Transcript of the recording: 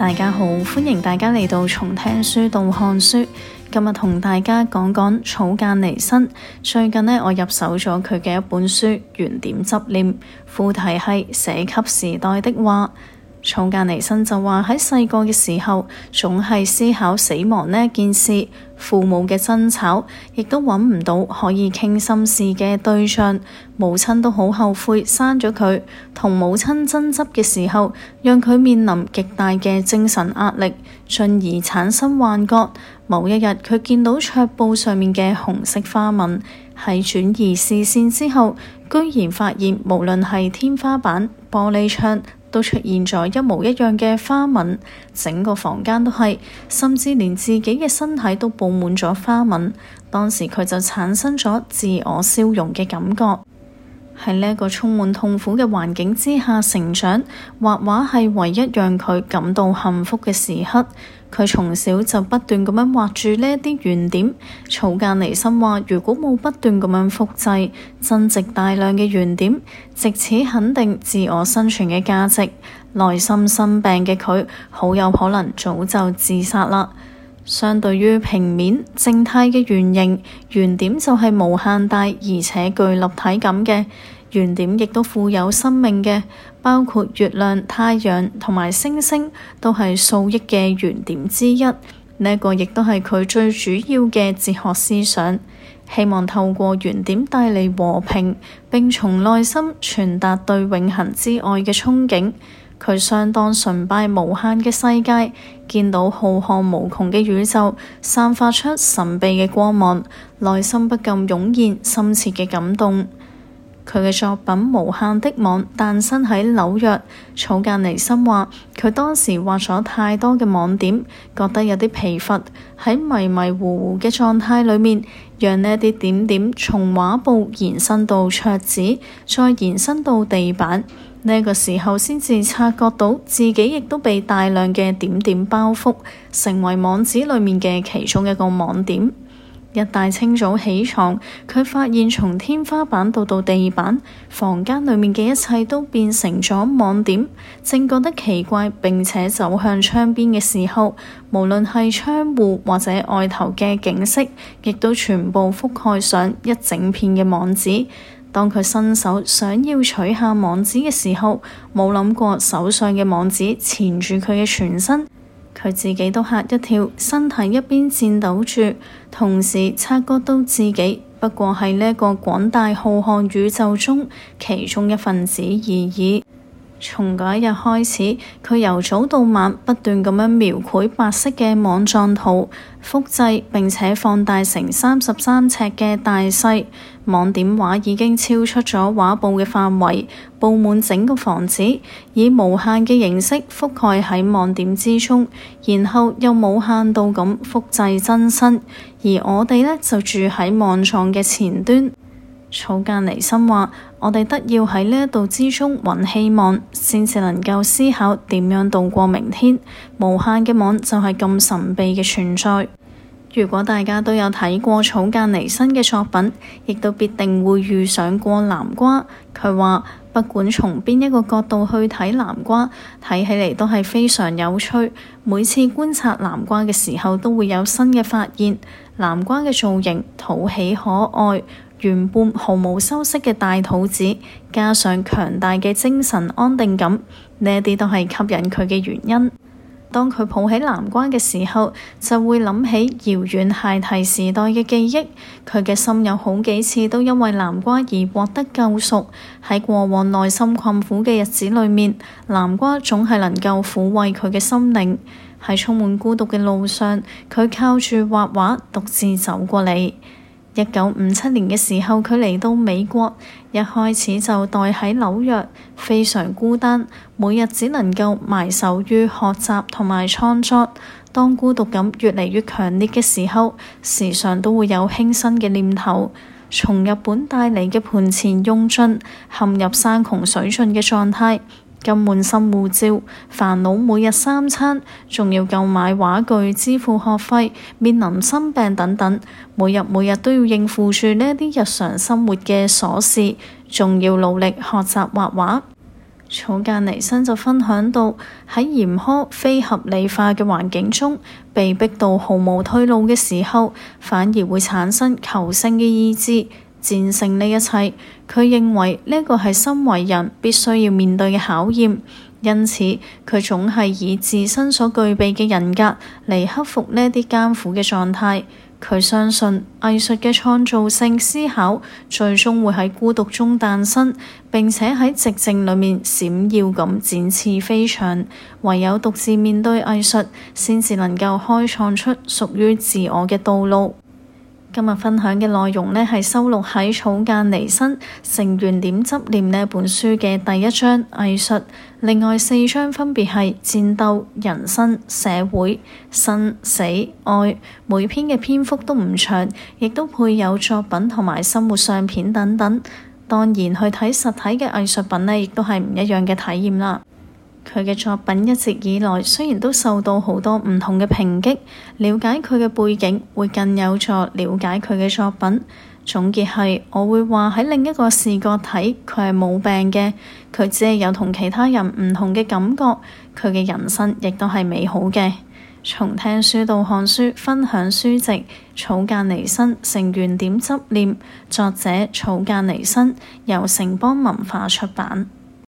大家好，歡迎大家嚟到從聽書到看書。今日同大家講講草間彌生。最近呢，我入手咗佢嘅一本書《圓點執念》，副題係寫給時代的話。草間彌生就話：喺細個嘅時候，總係思考死亡呢件事；父母嘅爭吵，亦都揾唔到可以傾心事嘅對象。母親都好後悔生咗佢。同母親爭執嘅時候，讓佢面臨極大嘅精神壓力，進而產生幻覺。某一日，佢見到桌布上面嘅紅色花紋，喺轉移視線之後，居然發現無論係天花板、玻璃窗，都出現咗一模一樣嘅花紋，整個房間都係，甚至連自己嘅身體都佈滿咗花紋。當時佢就產生咗自我消融嘅感覺。喺呢一個充滿痛苦嘅環境之下成長，畫畫係唯一讓佢感到幸福嘅時刻。佢從小就不斷咁樣畫住呢啲圓點。草間彌生話，如果冇不斷咁樣複製，增值大量嘅圓點，藉此肯定自我生存嘅價值，內心生病嘅佢，好有可能早就自殺啦。相對於平面靜態嘅圓形，圓點就係無限大而且具立體感嘅。圓點亦都富有生命嘅，包括月亮、太陽同埋星星，都係數億嘅圓點之一。呢一個亦都係佢最主要嘅哲學思想，希望透過圓點帶嚟和平，並從內心傳達對永恆之愛嘅憧憬。佢相當崇拜無限嘅世界，見到浩瀚無窮嘅宇宙，散發出神秘嘅光芒，內心不禁湧現深切嘅感動。佢嘅作品《無限的網》誕生喺紐約。草間彌生話，佢當時畫咗太多嘅網點，覺得有啲疲乏，喺迷迷糊糊嘅狀態裏面，讓呢啲點點從畫布延伸到桌子，再延伸到地板。呢、這個時候先至察覺到自己亦都被大量嘅點點包覆，成為網子裏面嘅其中一個網點。一大清早起床，佢發現從天花板到到地板，房間裏面嘅一切都變成咗網點，正覺得奇怪，並且走向窗邊嘅時候，無論係窗戶或者外頭嘅景色，亦都全部覆蓋上一整片嘅網子。當佢伸手想要取下網子嘅時候，冇諗過手上嘅網子纏住佢嘅全身。佢自己都嚇一跳，身體一邊顫抖住，同時察覺到自己不過係呢個廣大浩瀚宇宙中其中一份子而已。從嗰一日開始，佢由早到晚不斷咁樣描繪白色嘅網狀圖，複製並且放大成三十三尺嘅大細網點畫已經超出咗畫布嘅範圍，佈滿整個房子，以無限嘅形式覆蓋喺網點之中，然後又無限度咁複製真身，而我哋呢，就住喺網狀嘅前端。草間彌生話：我哋得要喺呢一度之中揾希望，先至能夠思考點樣度過明天。無限嘅網就係咁神秘嘅存在。如果大家都有睇過草間彌生嘅作品，亦都必定會遇上過南瓜。佢話：不管從邊一個角度去睇南瓜，睇起嚟都係非常有趣。每次觀察南瓜嘅時候，都會有新嘅發現。南瓜嘅造型討喜可愛。原本毫無修飾嘅大肚子，加上強大嘅精神安定感，呢啲都係吸引佢嘅原因。當佢抱起南瓜嘅時候，就會諗起遙遠孩提時代嘅記憶。佢嘅心有好幾次都因為南瓜而獲得救贖。喺過往內心困苦嘅日子裏面，南瓜總係能夠撫慰佢嘅心靈。喺充滿孤獨嘅路上，佢靠住畫畫，獨自走過嚟。一九五七年嘅時候，佢嚟到美國，一開始就待喺紐約，非常孤單，每日只能夠埋首於學習同埋創作。當孤獨感越嚟越強烈嘅時候，時常都會有輕生嘅念頭。從日本帶嚟嘅盤纏用盡，陷入山窮水盡嘅狀態。咁更換新護照，煩惱每日三餐，仲要購買畫具支付學費，面臨生病等等，每日每日都要應付住呢啲日常生活嘅瑣事，仲要努力學習畫畫。草間彌生就分享到喺嚴苛非合理化嘅環境中，被逼到毫無退路嘅時候，反而會產生求生嘅意志。戰勝呢一切，佢認為呢個係身為人必須要面對嘅考驗，因此佢總係以自身所具備嘅人格嚟克服呢啲艱苦嘅狀態。佢相信藝術嘅創造性思考最終會喺孤獨中誕生，並且喺寂靜裏面閃耀咁展翅飛翔。唯有獨自面對藝術，先至能夠開創出屬於自我嘅道路。今日分享嘅內容呢，係收錄喺《草間彌生：圓點執念》呢本書嘅第一章藝術，另外四章分別係戰鬥、人生、社會、生死、愛。每篇嘅篇幅都唔長，亦都配有作品同埋生活相片等等。當然去睇實體嘅藝術品呢，亦都係唔一樣嘅體驗啦。佢嘅作品一直以來雖然都受到好多唔同嘅抨擊，了解佢嘅背景會更有助了解佢嘅作品。總結係，我會話喺另一個視角睇，佢係冇病嘅，佢只係有同其他人唔同嘅感覺，佢嘅人生亦都係美好嘅。從聽書到看書，分享書籍，草間彌生，成圓點執念，作者草間彌生，由城邦文化出版。